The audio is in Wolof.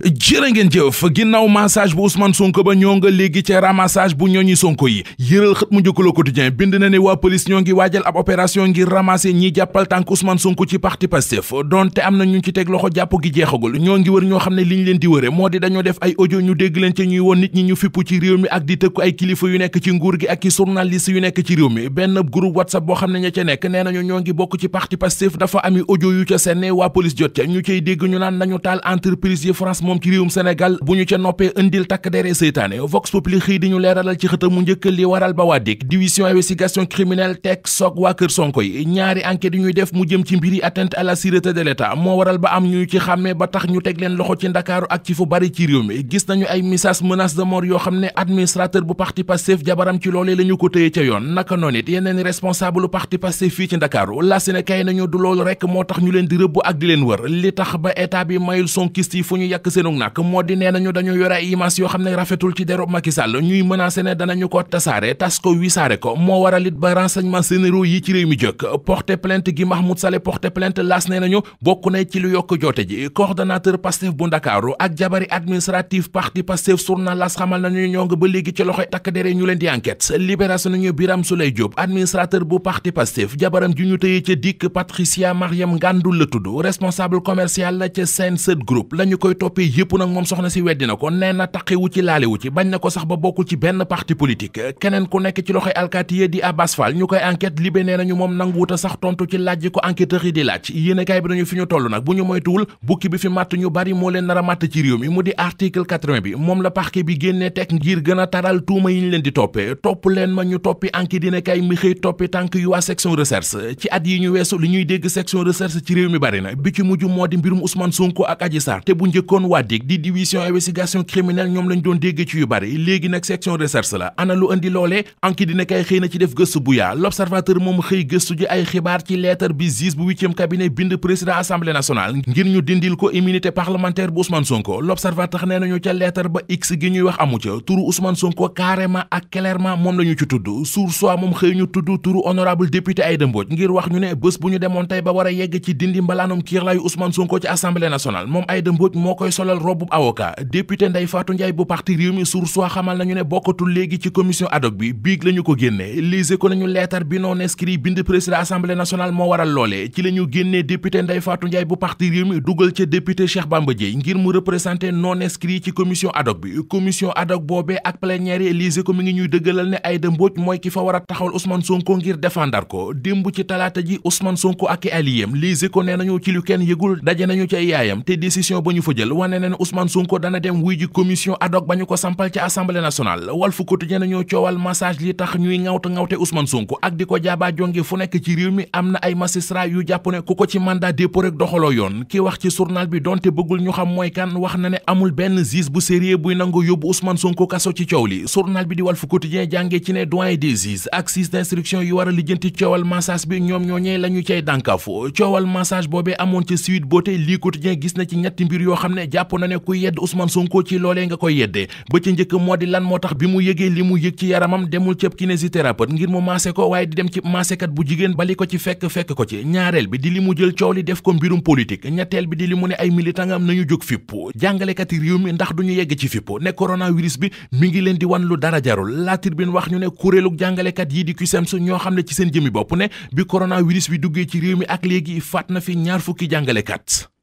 jërë ngeen jëf ginnaaw massage bu Ousmane Sonko ba ñoo nga léegi ca ramassage bu ñooñi Sonko yi yëral xët mu njëkk Le Quotidien bind na ne waa police ñoo ngi waajal ab opération ngir ramasser ñi jàppal tànk Ousmane Sonko ci parti Pastef donte am na ñu ci teg loxo jàpp gi jeexagul ñoo ngi wër ñoo xam ne li ñu leen di wëre moo di dañoo def ay audio ñu dégg leen ca ñuy woon nit ñi ñu fippu ci réew mi ak di tëkku ay kilifa yu nekk ci nguur gi ak i journaliste yu nekk ci réew mi benn groupe WhatsApp boo xam ne ña ca nekk nee nañu ñoo ngi bokk moom ci réewum Sénégal bu ñu ca noppee indil takk dere seytaane Vox Populi xëy di ñu leeralal ci xëtam mu njëkk li waral ba waa DIC division investigation criminelle tek soog waa kër Sonko yi ñaari enquête yi ñuy def mu jëm ci mbiri atteinte à la sûreté de l'État moo waral ba am ñu ci xàmmee ba tax ñu teg leen loxo ci Ndakaaru ak ci fu bari ci réew mi gis nañu ay message menace de mort yoo xam ne administrateur bu parti Pastef jabaram ci loolee yi fu ñu seenug nak moo di nee nañu dañu yore ay image nañu na ci lu yokk joote ji coordonnateur Pastef bu Ndakaaru ak jabari administratif parti Pastef journal L'As xamal nañu ñoo ba léegi ci loxoy takk dere ñu leen di enquête libération nañu Biram Souleye Diop administrateur bu parti jabaram ju ñu tëye ca dikk Patricia Mariam Ngandou la tudd responsable commercial ca Sen Sud Group lañu koy toppee yëpp nag moom soxna si weddi na ko nee na taqiwu ci laaliwu ci bañ na ko sax ba bokkul ci benn parti politique keneen ku nekk ci loxoy alkaati yi di Abbas Fall ñu koy enquête libé nee nañu moom nanguwuta sax tontu ci laaj ko enquêteurs yi di laaj yéenekaay bi nañu fi ñu toll nag bu ñu moytuwul bukki bi fi màtt ñu bari moo leen nar a màtt ci réew mi mu di article bi moom la parquet bi génnee teg ngir gën taral tuuma yi ñu leen di toppee topp leen ma ñu toppi enquête dina kay mi xëy toppi tànk yu waa section recherche ci at yi ñu weesu li ñuy dégg section recherche réew mi bari na bi ci mujj moo di mbirum DIC di division investigation criminelle ñoom lañ doon dégg ci yu bari léegi nag section recherche la ana lu andi loolee anki dina kay xëy na ci def gëstu bu yaa l'observateur moom xëy gëstu ji ay xibaar ci lettre bi juge bu huitième cabinet bind président assemblée nationale ngir ñu dindil ko immunité parlementaire bu Ousmane Sonko l'observateur nee nañu ca lettre ba x gi ñuy wax amu ca turu Ousmane Sonko carrément ak clairement moom la ci tudd sur soit a solal robu avocat député bu parti réew mi source waa xamal nañu ne bokkatul léegi ci commission ad hoc bi biig la ñu ko génnee lise ko nañu lettre bi non inscrit bind président assemblée nationale moo waral loolee ci la ñu génnee député Ndeye Fatou bu parti réew mi dugal ca député Cheikh Bamba ngir mu représenté non inscrit ci commission ad bi commission ad hoc ak plénière yi ko mi ngi ñuy dëggalal ne Aïda Mbodj mooy ki fa war a taxawal Ousmane Sonko ngir défendre ko démb ci talaata i aliyem lise ko nee nañu ci lu kenn yëgul daje ne ne Ousmane Sonko dana dem wuy ji commission ad hoc ba ñu ko sampal ci assemblée nationale Walf Quotidien ñoo coowal massage li tax ñuy ŋawte ŋawte Ousmane Sonko ak di ko jaabaa jonge fu nekk ci réew mi am na ay magistrat yu jàpp ne ku ko ci mandat dépôt doxaloo yoon ki wax ci journal bi donte bëggul ñu xam mooy kan wax na ne amul benn juge bu sérieux buy nangu yóbbu Ousmane Sonko kaso ci coow li journal bi di Walf Quotidien jàngee ci ne ci Sweet Beauté jàpp na ne ku yedd Ousmane Sonko ci loolee nga koy yeddee ba ci njëkk moo di lan moo tax bi mu yëgee li mu yëg ci yaramam demul cëb kinésithérapeute ngir mu maase ko waaye di dem ci maasekat bu jigéen bali ko ci fekk fekk ko ci ñaareel bi di li mu jël coow li def ko mbirum politique ñetteel bi di li mu ne ay militant am nañu jóg fipp jàngalekat yi mi ndax du ñu yegg ci fipp ne coronavirus bi mi ngi leen di wan lu dara jarul La Tribune wax ñu ne kuréelug jàngalekat yi di CUSEMS ñoo xam ne ci seen jëmi bopp ne bi coronavirus bi duggee ci réew mi ak léegi faat na fi ñaar fukki jàngalekat